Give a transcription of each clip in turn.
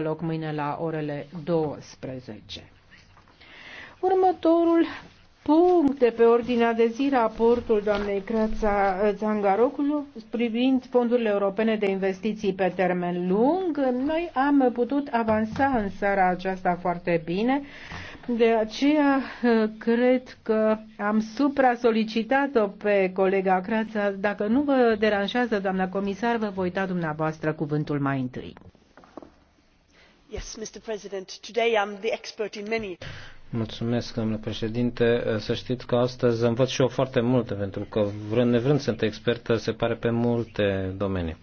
loc mâine la orele 12. Următorul punct de pe ordinea de zi, raportul doamnei Creața Zangaroculu privind fondurile europene de investiții pe termen lung. Noi am putut avansa în seara aceasta foarte bine, de aceea eh, cred că am supra-solicitat-o pe colega Crața. Dacă nu vă deranjează, doamna comisar, vă voi da dumneavoastră cuvântul mai întâi. Mulțumesc, domnule președinte. Să știți că astăzi învăț și eu foarte multe, pentru că vrând nevrând sunt expert, se pare, pe multe domenii.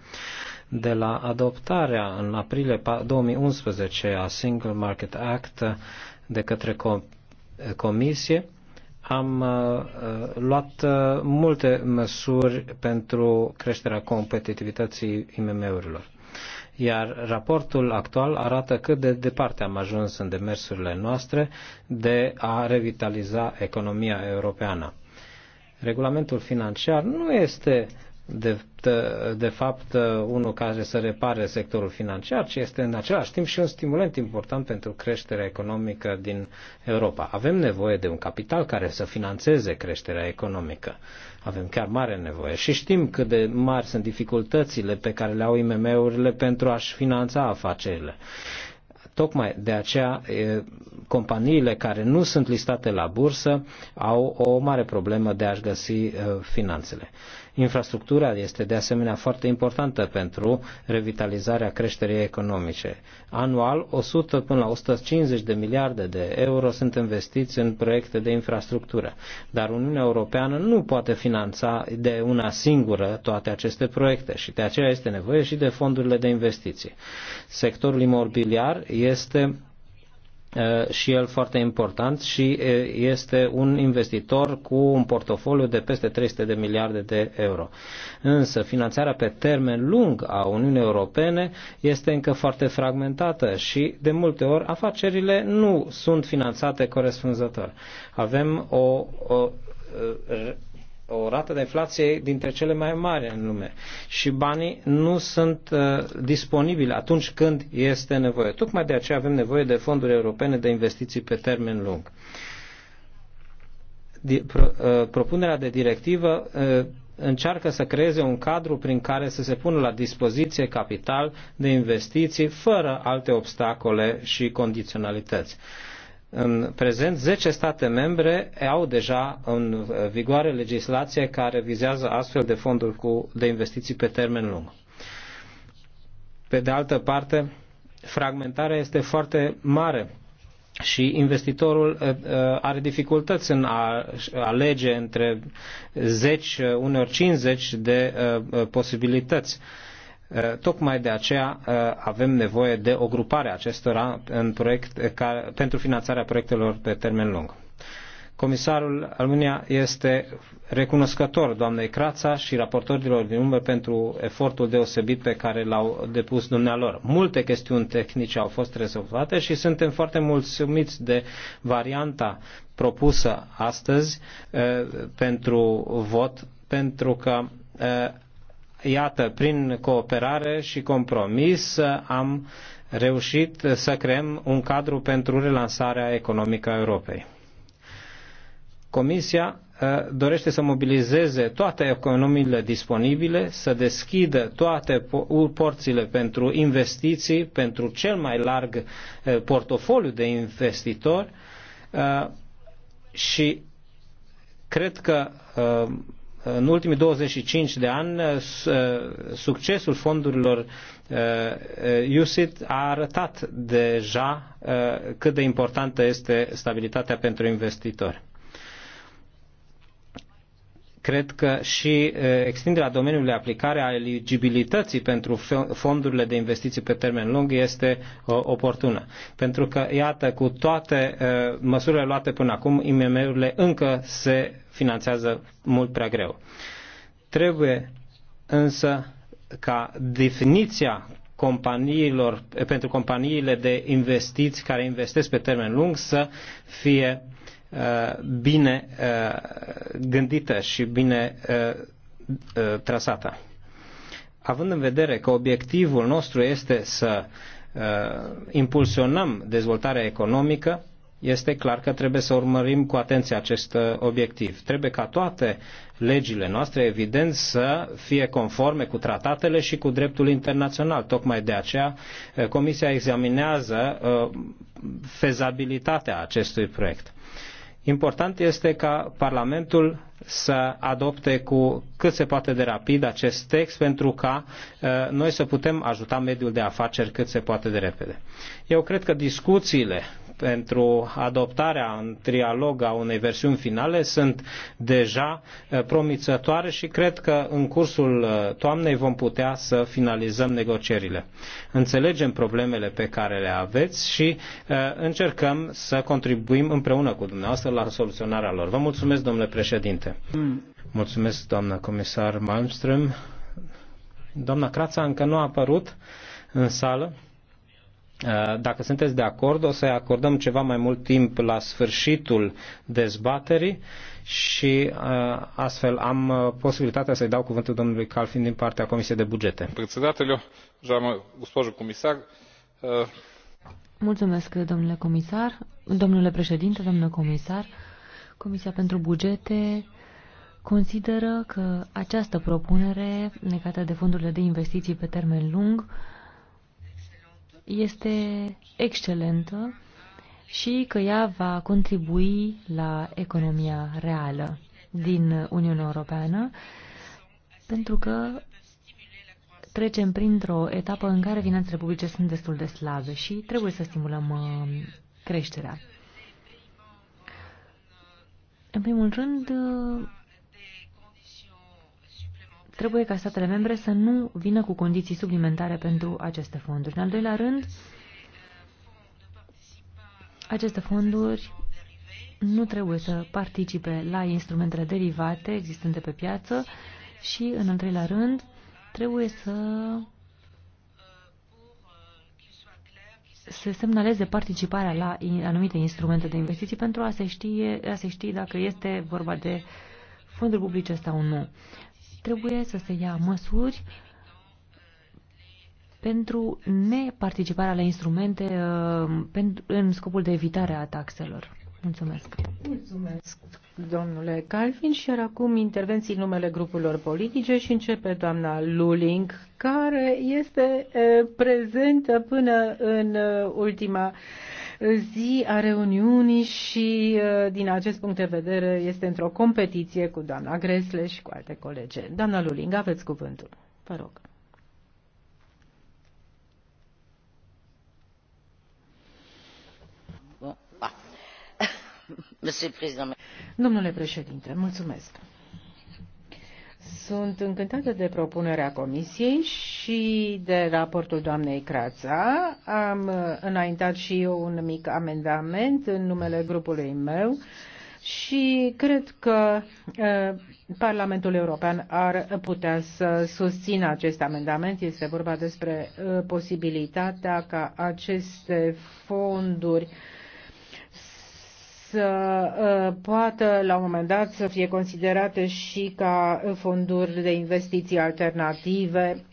De la adoptarea în aprilie 2011 a Single Market Act de către Comisie, am uh, uh, luat uh, multe măsuri pentru creșterea competitivității IMM-urilor iar raportul actual arată cât de departe am ajuns în demersurile noastre de a revitaliza economia europeană. Regulamentul financiar nu este de, de fapt unul care să repare sectorul financiar, ci este în același timp și un stimulant important pentru creșterea economică din Europa. Avem nevoie de un capital care să financeze creșterea economică. Avem chiar mare nevoie și știm cât de mari sunt dificultățile pe care le au IMM-urile pentru a-și finanța afacerile. Tocmai de aceea companiile care nu sunt listate la bursă au o mare problemă de a-și găsi uh, finanțele. Infrastructura este de asemenea foarte importantă pentru revitalizarea creșterii economice. Anual, 100 până la 150 de miliarde de euro sunt investiți în proiecte de infrastructură, dar Uniunea Europeană nu poate finanța de una singură toate aceste proiecte și de aceea este nevoie și de fondurile de investiții. Sectorul imobiliar este Uh, și el foarte important și uh, este un investitor cu un portofoliu de peste 300 de miliarde de euro. Însă finanțarea pe termen lung a Uniunii Europene este încă foarte fragmentată și de multe ori afacerile nu sunt finanțate corespunzător. Avem o, o uh, o rată de inflație dintre cele mai mari în lume și banii nu sunt uh, disponibili atunci când este nevoie. Tocmai de aceea avem nevoie de fonduri europene de investiții pe termen lung. Di, pro, uh, propunerea de directivă uh, încearcă să creeze un cadru prin care să se pună la dispoziție capital de investiții fără alte obstacole și condiționalități. Uh, în prezent, 10 state membre au deja în vigoare legislație care vizează astfel de fonduri cu, de investiții pe termen lung. Pe de altă parte, fragmentarea este foarte mare și investitorul uh, uh, are dificultăți în a alege între 10, uh, uneori 50 de posibilități Eh, tocmai de aceea eh, avem nevoie de o grupare acestora în proiect, eh, ca, pentru finanțarea proiectelor pe termen lung. Comisarul Almunia este recunoscător doamnei Crața și raportorilor din umbră pentru efortul deosebit pe care l-au depus dumnealor. Multe chestiuni tehnice au fost rezolvate și suntem foarte mulțumiți de varianta propusă astăzi pentru vot, pentru că Iată, prin cooperare și compromis am reușit să creăm un cadru pentru relansarea economică a Europei. Comisia uh, dorește să mobilizeze toate economiile disponibile, să deschidă toate porțile pentru investiții, pentru cel mai larg uh, portofoliu de investitori uh, și cred că în ultimii 25 de ani uh, uh, succesul fondurilor USIT uh, a arătat deja cât de importantă este stabilitatea pentru investitori. Cred că și uh, extinderea domeniului de aplicare a eligibilității pentru fondurile de investiții pe termen lung este uh, oportună. Pentru că, iată, cu toate uh, măsurile luate până acum, IMM-urile încă se finanțează mult prea greu. Trebuie însă ca definiția companiilor, pentru companiile de investiți care investesc pe termen lung să fie Uh, bine uh, gândită și bine uh, trasată. Având în vedere că obiectivul nostru este să impulsionăm dezvoltarea economică, este clar că trebuie să urmărim cu atenție acest obiectiv. Trebuie ca toate legile noastre, evident, să fie conforme cu tratatele și cu dreptul internațional. Tocmai de aceea Comisia examinează fezabilitatea acestui proiect. Important este ca Parlamentul să adopte cu cât se poate de rapid acest text pentru ca uh, noi să putem ajuta mediul de afaceri cât se poate de repede. Eu cred că discuțiile pentru adoptarea în trialog a unei versiuni finale sunt deja eh, promițătoare și cred că în cursul eh, toamnei vom putea să finalizăm negocierile. Înțelegem problemele pe care le aveți și eh, încercăm să contribuim împreună cu dumneavoastră la soluționarea lor. Vă mulțumesc, domnule președinte. Mulțumesc, doamnă comisar Malmström. Doamna Crața încă nu a apărut în sală. Uh, dacă sunteți de acord, o să i acordăm ceva mai mult timp la sfârșitul dezbaterii și uh, astfel am uh, posibilitatea să-i dau cuvântul domnului Calfin din partea Comisiei de Bugete. Mulțumesc, domnule comisar, domnule președinte, domnule comisar. Comisia pentru Bugete consideră că această propunere legată de fondurile de investiții pe termen lung este excelentă și că ea va contribui la economia reală din Uniunea Europeană, pentru că trecem printr-o etapă în care finanțele publice sunt destul de slabe și trebuie să stimulăm uh, creșterea. În primul rând, uh, Trebuie ca statele membre să nu vină cu condiții suplimentare pentru aceste fonduri. În al doilea rând, aceste fonduri nu trebuie să participe la instrumentele derivate existente pe piață și, în al treilea rând, trebuie să se semnaleze participarea la anumite instrumente de investiții pentru a se, a se ști dacă este vorba de fonduri publice sau nu trebuie să se ia măsuri pentru neparticiparea la instrumente uh, în scopul de evitare a taxelor. Mulțumesc. Mulțumesc, domnule Calvin. Și iar acum intervenții în numele grupurilor politice și începe doamna Luling, care este uh, prezentă până în uh, ultima zi a reuniunii și uh, din acest punct de vedere este într-o competiție cu doamna Gresle și cu alte colege. Doamna Luling, aveți cuvântul. Vă rog. Domnule președinte, mulțumesc. Sunt încântată de propunerea Comisiei și de raportul doamnei Crața. Am înaintat și eu un mic amendament în numele grupului meu și cred că uh, Parlamentul European ar putea să susțină acest amendament. Este vorba despre uh, posibilitatea ca aceste fonduri să uh, poată la un moment dat să fie considerate și ca fonduri de investiții alternative.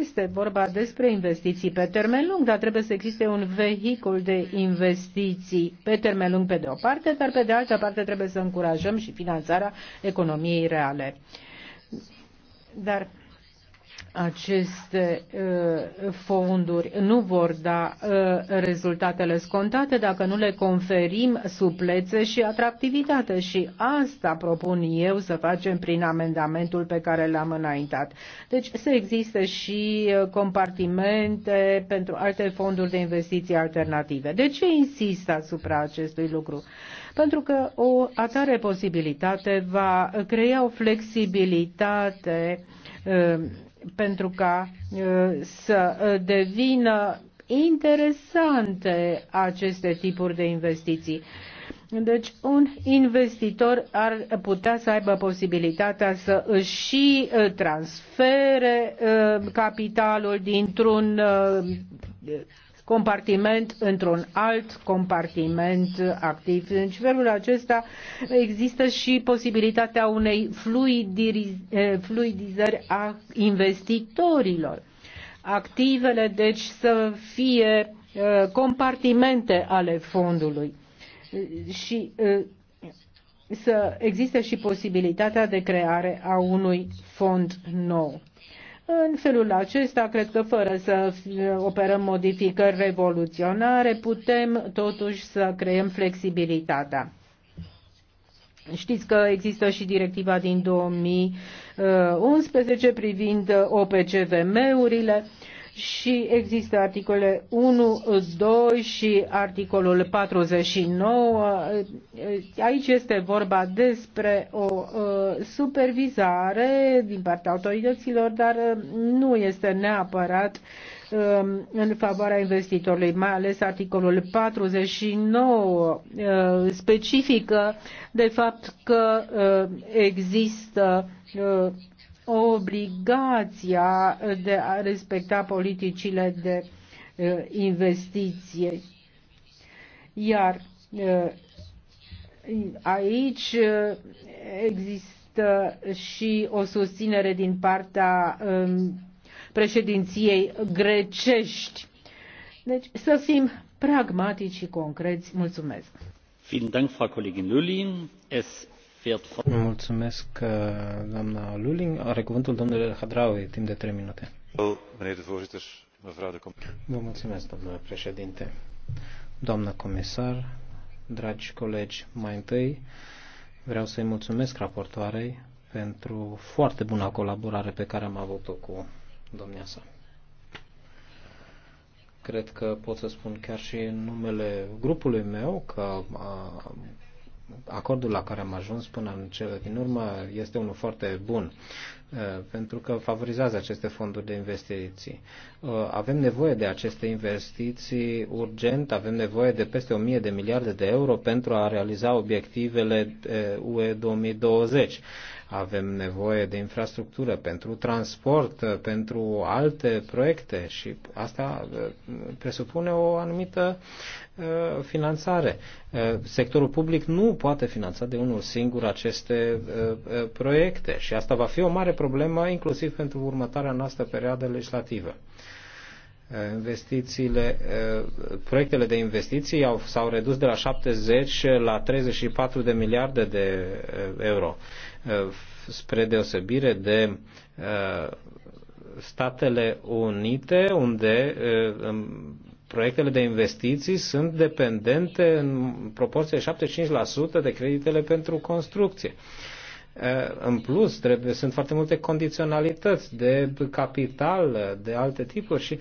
Este vorba despre investiții pe termen lung, dar trebuie să existe un vehicul de investiții pe termen lung pe de o parte, dar pe de altă parte trebuie să încurajăm și finanțarea economiei reale. Dar aceste uh, fonduri nu vor da uh, rezultatele scontate dacă nu le conferim suplețe și atractivitate și asta propun eu să facem prin amendamentul pe care l-am înaintat. Deci să existe și uh, compartimente pentru alte fonduri de investiții alternative. De ce insist asupra acestui lucru? Pentru că o atare posibilitate va crea o flexibilitate pentru ca să devină interesante aceste tipuri de investiții. Deci un investitor ar putea să aibă posibilitatea să își și transfere capitalul dintr-un compartiment într-un alt compartiment activ. În felul acesta există și posibilitatea unei eh, fluidizări a investitorilor. Activele, deci, să fie eh, compartimente ale fondului și eh, să existe și posibilitatea de creare a unui fond nou. În felul acesta, cred că fără să operăm modificări revoluționare, putem totuși să creăm flexibilitatea. Știți că există și directiva din 2011 uh, privind OPCVM-urile. Uh, și există articole 1, 2 și articolul 49. Aici este vorba despre o uh, supervizare din partea autorităților, dar uh, nu este neapărat um, în favoarea investitorului, mai ales articolul 49 uh, specifică de fapt că există obligația de a respecta politicile de investiție. Iar aici există și o susținere din partea președinției grecești. Deci să fim pragmatici și concreți. Mulțumesc! Vielen Dank, Frau Kollegin Lulin. Es Mulțumesc, uh, doamna Luling. Are cuvântul domnule Hadraui, timp de 3 minute. Vă mulțumesc, domnule președinte. Doamnă comisar, dragi colegi, mai întâi vreau să-i mulțumesc raportoarei pentru foarte bună colaborare pe care am avut-o cu domnia sa. Cred că pot să spun chiar și în numele grupului meu că acordul la care am ajuns până în cele din urmă este unul foarte bun uh, pentru că favorizează aceste fonduri de investiții. Uh, avem nevoie de aceste investiții urgent, avem nevoie de peste 1000 de miliarde de euro pentru a realiza obiectivele uh, UE 2020 avem nevoie de infrastructură pentru transport, pentru alte proiecte și asta uh, presupune o anumită uh, finanțare. Uh, sectorul public nu poate finanța de unul singur aceste proiecte și asta va fi o mare problemă inclusiv pentru următoarea noastră perioadă legislativă investițiile, proiectele de investiții au, s-au redus de la 70 la 34 de miliarde de euro. Uh, spre deosebire de uh, Statele Unite, unde uh, proiectele de investiții sunt dependente în proporție de 75% de creditele pentru construcție. În plus, trebuie, sunt foarte multe condiționalități de capital, de alte tipuri și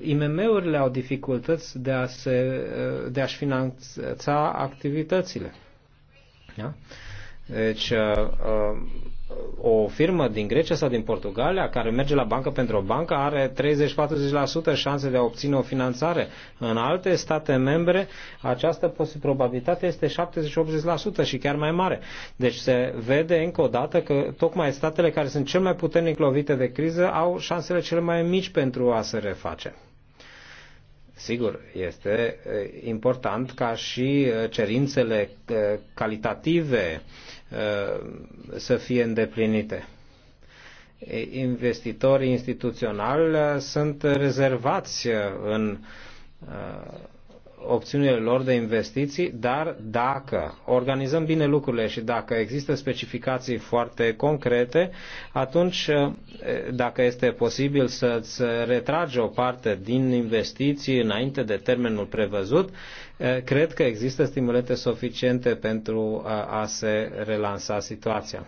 IMM-urile au dificultăți de, a se, de a-și finanța activitățile. Da? Deci, uh, uh, o firmă din Grecia sau din Portugalia care merge la bancă pentru o bancă are 30-40% șanse de a obține o finanțare. În alte state membre această probabilitate este 70-80% și chiar mai mare. Deci se vede încă o dată că tocmai statele care sunt cel mai puternic lovite de criză au șansele cele mai mici pentru a se reface. Sigur, este uh, important ca și cerințele calitative, Uh, să fie îndeplinite. Investitorii instituționali uh, sunt rezervați uh, în opțiunile lor de investiții, dar dacă organizăm bine lucrurile și dacă există specificații foarte concrete, atunci eh, dacă este posibil să-ți retragi o parte din investiții înainte de termenul prevăzut, eh, cred că există stimulente suficiente pentru a se relansa situația.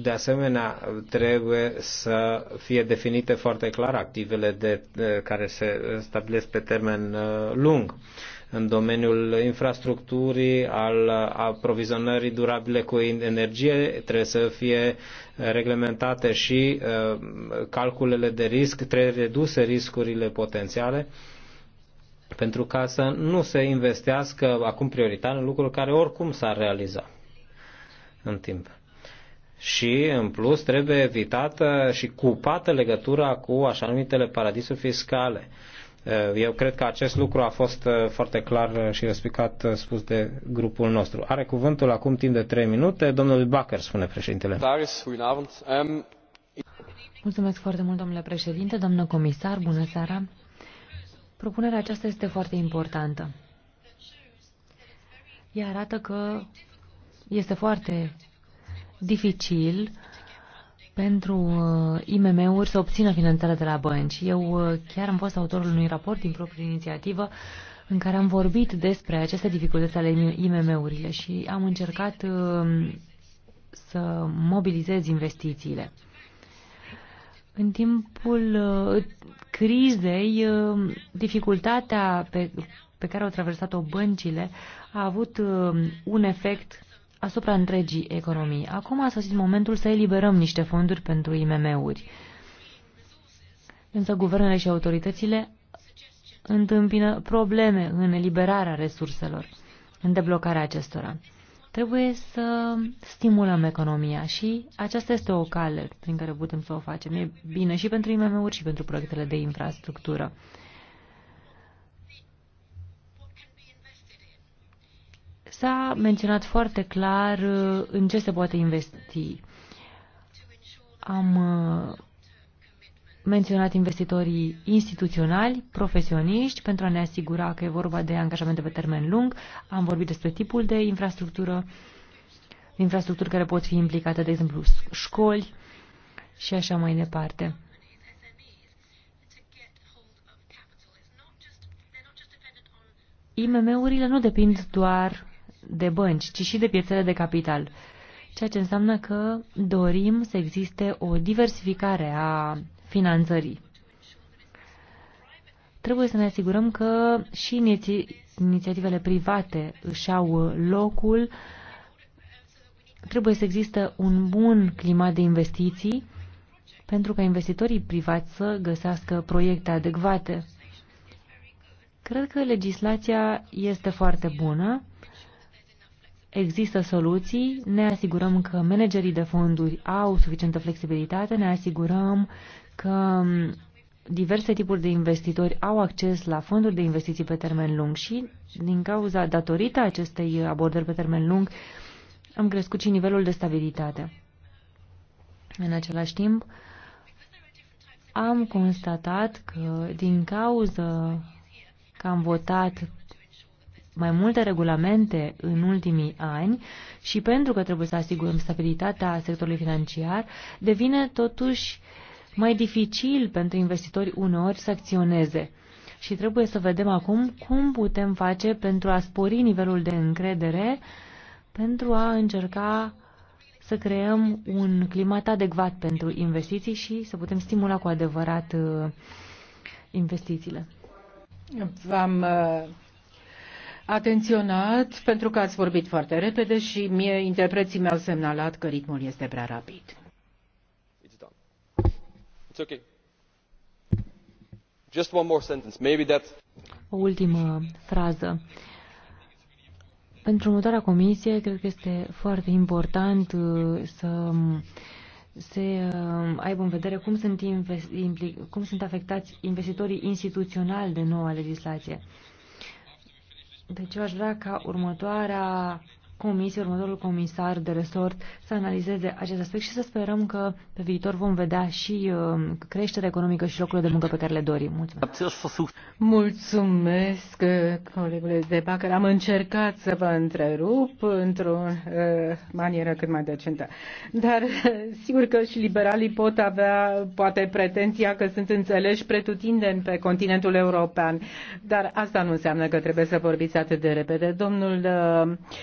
De asemenea, trebuie să fie definite foarte clar activele de, de, care se stabilesc pe termen uh, lung în domeniul infrastructurii, al aprovizionării durabile cu energie, trebuie să fie reglementate și uh, calculele de risc, trebuie reduse riscurile potențiale pentru ca să nu se investească acum prioritar în lucruri care oricum s-ar realiza în timp și, în plus, trebuie evitată și cupată legătura cu așa numitele paradisuri fiscale. Eh, eu cred că acest lucru a fost eh, foarte clar și răspicat eh, spus de grupul nostru. Are cuvântul acum timp de trei minute domnul Bacher, spune președintele. Ehm, Mulțumesc foarte mult, domnule președinte, domnule comisar, bună seara. Propunerea aceasta este foarte importantă. Ea arată că este foarte dificil pentru uh, IMM-uri să obțină finanțare de la bănci. Eu uh, chiar am fost autorul unui raport din proprie inițiativă în care am vorbit despre aceste dificultăți ale IMM-urile și am încercat uh, să mobilizez investițiile. În timpul crizei, dificultatea pe, pe care au traversat-o băncile a avut un efect asupra întregii economii. Acum a sosit momentul să eliberăm niște fonduri pentru IMM-uri. Însă guvernele și autoritățile întâmpină probleme în eliberarea resurselor, în deblocarea acestora. Trebuie să stimulăm economia și aceasta este o cale prin care putem să o facem. E bine și pentru IMM-uri și pentru proiectele de infrastructură. S-a menționat foarte clar uh, în ce se poate investi. Am uh, menționat investitorii instituționali, profesioniști, pentru a ne asigura că e vorba de angajamente pe termen lung. Am vorbit despre tipul de infrastructură, infrastructuri care pot fi implicate, de exemplu, școli și așa mai departe. IMM-urile nu depind doar de bănci, ci și de piețele de capital. Ceea ce înseamnă că dorim să existe o diversificare a finanțării. Trebuie să ne asigurăm că și inițiativele private își au locul. Trebuie să există un bun climat de investiții pentru ca investitorii privați să găsească proiecte adecvate. Cred că legislația este foarte bună există soluții, ne asigurăm că managerii de fonduri au suficientă flexibilitate, ne asigurăm că diverse tipuri de investitori au acces la fonduri de investiții pe termen lung și din cauza, datorită acestei abordări pe termen lung, am crescut și nivelul de stabilitate. În același timp, am constatat că din cauza că am votat mai multe regulamente în ultimii ani și pentru că trebuie să asigurăm stabilitatea sectorului financiar, devine totuși mai dificil pentru investitori uneori să acționeze. Și trebuie să vedem acum cum putem face pentru a spori nivelul de încredere, pentru a încerca să creăm un climat adecvat pentru investiții și să putem stimula cu adevărat uh, investițiile. V-am uh, atenționat pentru că ați vorbit foarte repede și mie interpreții mi-au semnalat că ritmul este prea rapid. It's done. It's okay. Just one more sentence. Maybe that... O ultimă frază. Pentru următoarea comisie, cred că este foarte important uh, să se uh, aibă în vedere cum sunt, cum sunt afectați investitorii instituționali de noua legislație. Deci eu aș vrea ca următoarea comisie, următorul comisar de resort să analizeze acest aspect și să sperăm că pe viitor vom vedea și uh, creșterea economică și locurile de muncă pe care le dorim. Mulțumesc! Mulțumesc, uh, colegule de Bacar. Am încercat să vă întrerup într-o uh, manieră cât mai decentă. Dar uh, sigur că și liberalii pot avea poate pretenția că sunt înțeleși pretutindeni pe continentul european. Dar asta nu înseamnă că trebuie să vorbiți atât de repede. Domnul uh,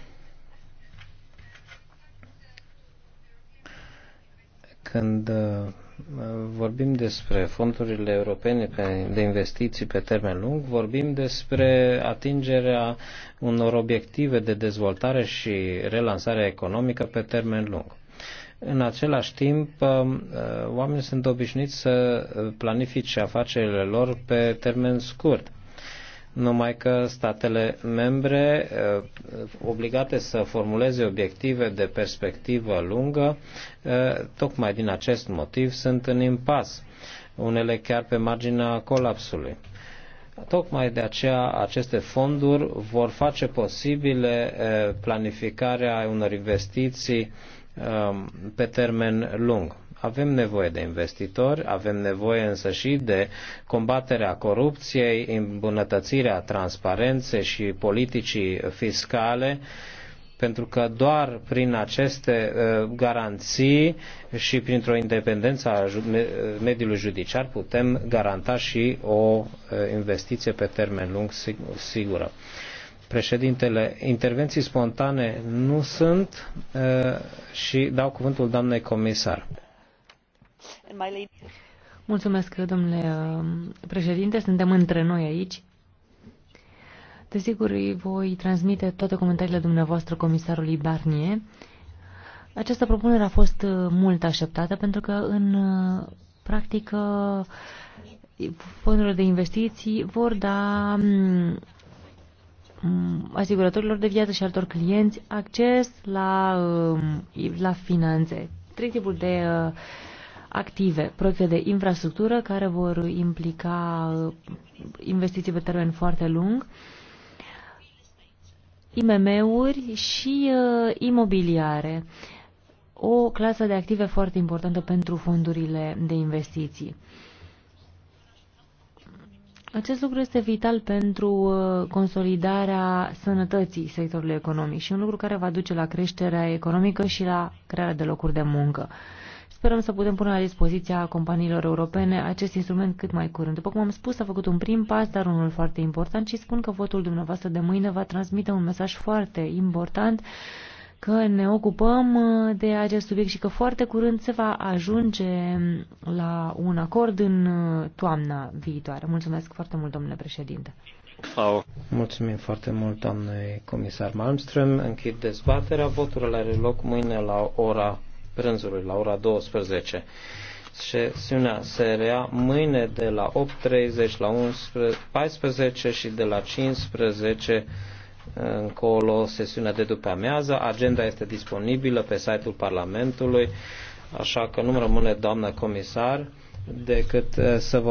Când uh, vorbim despre fondurile europene de investiții pe termen lung, vorbim despre atingerea unor obiective de dezvoltare și relansare economică pe termen lung. În același timp, uh, oamenii sunt obișnuiți să planifice afacerile lor pe termen scurt numai că statele membre eh, obligate să formuleze obiective de perspectivă lungă, eh, tocmai din acest motiv sunt în impas, unele chiar pe marginea colapsului. Tocmai de aceea aceste fonduri vor face posibile eh, planificarea unor investiții pe termen lung. Avem nevoie de investitori, avem nevoie însă și de combaterea corupției, îmbunătățirea transparenței și politicii fiscale, pentru că doar prin aceste uh, garanții și printr-o independență a uh, mediului judiciar putem garanta și o uh, investiție pe termen lung sigură președintele. Intervenții spontane nu sunt și dau cuvântul doamnei comisar. Mulțumesc, domnule uh, președinte. Suntem între noi aici. Desigur, îi voi transmite toate comentariile dumneavoastră comisarului Barnier. Această propunere a fost uh, mult așteptată pentru că, în uh, practică, fondurile de investiții vor da mm, mm, asigurătorilor de viață și altor clienți acces la, la finanțe. Trei tipuri de uh, active, proiecte de infrastructură care vor implica uh, investiții pe termen foarte lung, IMM-uri și uh, imobiliare, o clasă de active foarte importantă pentru fondurile de investiții. Acest lucru este vital pentru uh, consolidarea sănătății sectorului economic și un lucru care va duce la creșterea economică și la crearea de locuri de muncă. Sperăm să putem pune la dispoziția companiilor europene acest instrument cât mai curând. După cum am spus, a făcut un prim pas, dar unul foarte important și spun că votul dumneavoastră de mâine va transmite un mesaj foarte important că ne ocupăm uh, de acest subiect și că foarte curând se va ajunge um, la un acord în uh, toamna viitoare. Mulțumesc foarte mult, domnule președinte. Au. Mulțumim foarte mult, doamne comisar Malmström. Închid dezbaterea. Voturile are loc mâine la ora prânzului la ora 12. Sesiunea se rea mâine de la 8.30 la 11, 14 și de la 15 încolo sesiunea de după amiază. Agenda este disponibilă pe site-ul Parlamentului, așa că nu rămâne, doamnă comisar, decât eh, să vă